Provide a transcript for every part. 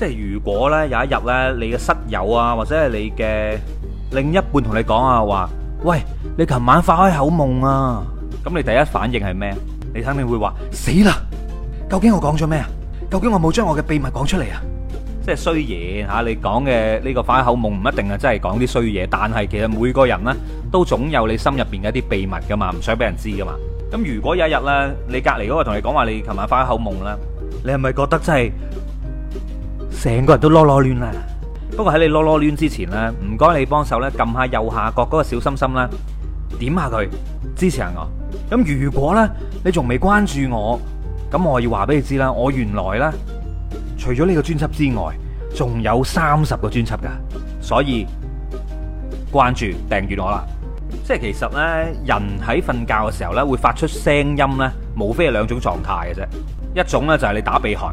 即係如果咧有一日咧，你嘅室友啊，或者係你嘅另一半同你講啊，話喂，你琴晚發開口夢啊，咁你第一反應係咩？你肯定會話死啦！究竟我講咗咩？究竟我冇將我嘅秘密講出嚟啊？即係衰嘢吓！你講嘅呢個發開口夢唔一定係真係講啲衰嘢。但係其實每個人咧都總有你心入邊嘅一啲秘密噶嘛，唔想俾人知噶嘛。咁如果有一日咧，你隔籬嗰個同你講話你琴晚發開口夢啦，你係咪覺得真係？成個人都囉囉攣啦，不過喺你囉囉攣之前咧，唔該你幫手咧，撳下右下角嗰個小心心啦，點下佢支持下我。咁如果咧你仲未關注我，咁我要話俾你知啦，我原來咧除咗呢個專輯之外，仲有三十個專輯噶，所以關注訂閱我啦。即係其實咧，人喺瞓覺嘅時候咧，會發出聲音咧，無非係兩種狀態嘅啫。一種咧就係你打鼻鼾，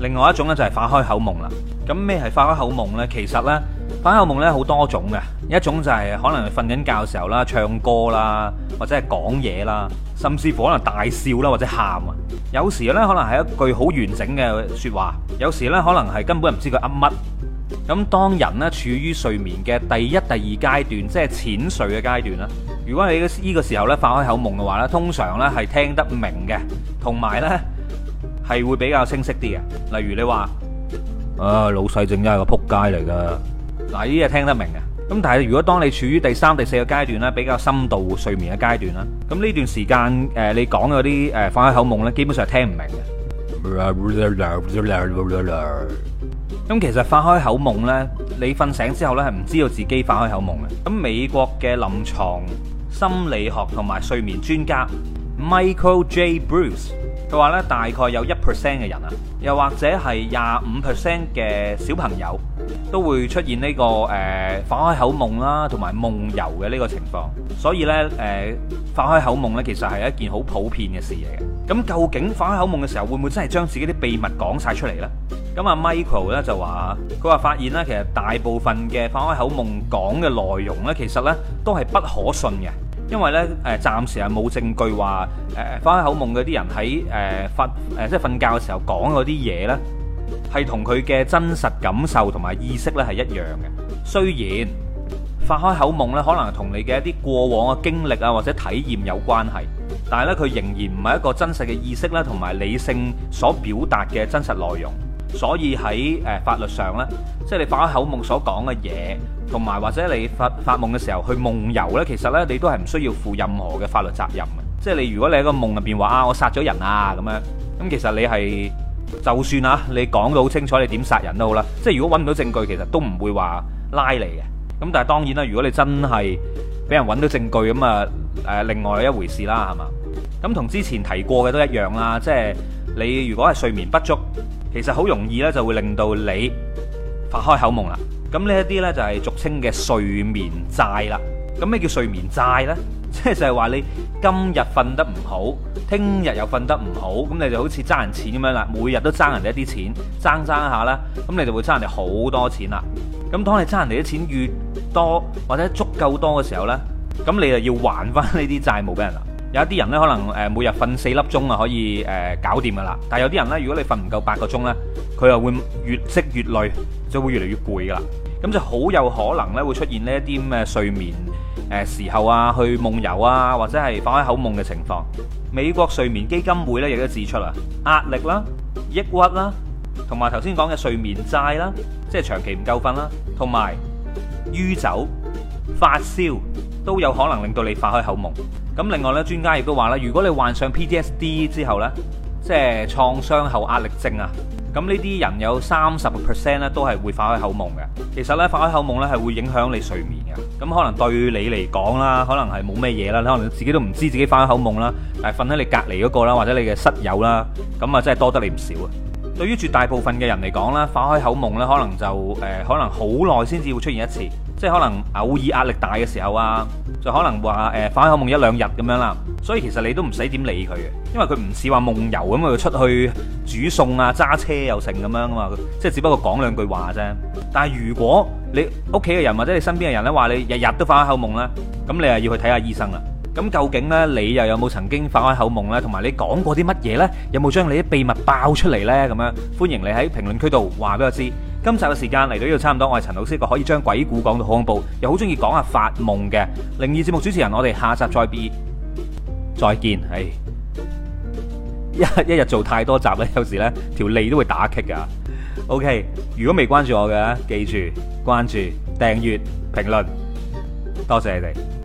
另外一種咧就係發開口夢啦。咁咩係發開口夢呢？其實呢，發開口夢呢好多種嘅。一種就係可能你瞓緊覺嘅時候啦，唱歌啦，或者係講嘢啦，甚至乎可能大笑啦，或者喊啊。有時呢，可能係一句好完整嘅說話，有時呢，可能係根本唔知佢噏乜。咁當人呢，處於睡眠嘅第一、第二階段，即係淺睡嘅階段啦。如果你呢個時候呢，發開口夢嘅話呢，通常呢，係聽得明嘅，同埋呢，係會比較清晰啲嘅，例如你話，啊老細正一係個扑街嚟噶嗱呢啲係聽得明嘅。咁但係如果當你處於第三、第四個階段咧，比較深度睡眠嘅階段啦，咁呢段時間誒你講嗰啲誒發開口夢呢，基本上係聽唔明嘅。咁、嗯嗯、其實發開口夢呢，你瞓醒之後呢，係唔知道自己發開口夢嘅。咁美國嘅臨床心理學同埋睡眠專家 Michael J. Bruce。佢話咧，大概有一 percent 嘅人啊，又或者係廿五 percent 嘅小朋友都會出現呢、這個誒、呃、發開口夢啦，同埋夢遊嘅呢個情況。所以呢，誒、呃、發開口夢呢其實係一件好普遍嘅事嚟嘅。咁究竟發開口夢嘅時候會唔會真係將自己啲秘密講晒出嚟呢？咁阿 Michael 咧就話，佢話發現呢，其實大部分嘅發開口夢講嘅內容呢，其實呢都係不可信嘅。因為咧，誒暫時係冇證據話，誒發開口夢嗰啲人喺誒瞓，誒即係瞓覺嘅時候講嗰啲嘢咧，係同佢嘅真實感受同埋意識咧係一樣嘅。雖然發開口夢咧，可能同你嘅一啲過往嘅經歷啊或者體驗有關係，但係咧佢仍然唔係一個真實嘅意識咧同埋理性所表達嘅真實內容。所以喺誒法律上呢，即係你發開口夢所講嘅嘢，同埋或者你發發夢嘅時候去夢遊呢，其實呢你都係唔需要負任何嘅法律責任嘅。即係你如果你喺個夢入邊話啊，我殺咗人啊咁樣，咁其實你係就算啊，你講到好清楚你點殺人都好啦。即係如果揾唔到證據，其實都唔會話拉你嘅。咁但係當然啦，如果你真係俾人揾到證據咁啊，誒另外一回事啦，係嘛？咁同之前提過嘅都一樣啦，即係你如果係睡眠不足。其實好容易咧，就會令到你發開口夢啦。咁呢一啲呢，就係俗稱嘅睡眠債啦。咁咩叫睡眠債呢？即係就係話你今日瞓得唔好，聽日又瞓得唔好，咁你就好似爭人錢咁樣啦。每日都爭人哋一啲錢，爭爭下啦，咁你就會爭人哋好多錢啦。咁當你爭人哋啲錢越多或者足夠多嘅時候呢，咁你就要還翻呢啲債務俾人啦。有一啲人咧，可能每日瞓四粒鐘啊，可以搞掂噶啦。但係有啲人咧，如果你瞓唔夠八個鐘咧，佢又會越積越累，就會越嚟越攰噶啦。咁就好有可能咧，會出現呢一啲咩睡眠，誒時候啊，去夢遊啊，或者係發開口夢嘅情況。美國睡眠基金會咧亦都指出啊，壓力啦、抑鬱啦，同埋頭先講嘅睡眠債啦，即係長期唔夠瞓啦，同埋酗酒、發燒都有可能令到你發開口夢。咁另外咧，專家亦都話啦，如果你患上 PTSD 之後咧，即係創傷後壓力症啊，咁呢啲人有三十個 percent 咧，都係會發開口夢嘅。其實咧，發開口夢咧係會影響你睡眠嘅。咁可能對你嚟講啦，可能係冇咩嘢啦，你可能自己都唔知自己發開口夢啦，但係瞓喺你隔離嗰個啦，或者你嘅室友啦，咁啊真係多得你唔少啊。對於絕大部分嘅人嚟講啦，發開口夢咧，可能就誒，可能好耐先至會出現一次，即係可能偶爾壓力大嘅時候啊。就可能話誒，發、呃、口夢一兩日咁樣啦，所以其實你都唔使點理佢嘅，因為佢唔似話夢遊咁啊，佢出去煮餸啊、揸車又成咁樣啊嘛，即係只不過講兩句話啫。但係如果你屋企嘅人或者你身邊嘅人咧話你日日都發開口夢咧，咁你就要去睇下醫生啦。咁究竟咧，你又有冇曾經發開口夢咧？同埋你講過啲乜嘢咧？有冇將你啲秘密爆出嚟咧？咁樣歡迎你喺評論區度話俾我知。今集嘅時間嚟到呢度差唔多，我係陳老師，個可以將鬼故講到好恐怖，又好中意講下發夢嘅靈異節目主持人。我哋下集再見，再見。唉，一一日做太多集咧，有時咧條脷都會打結㗎。OK，如果未關注我嘅，記住關注、訂閱、評論，多謝你哋。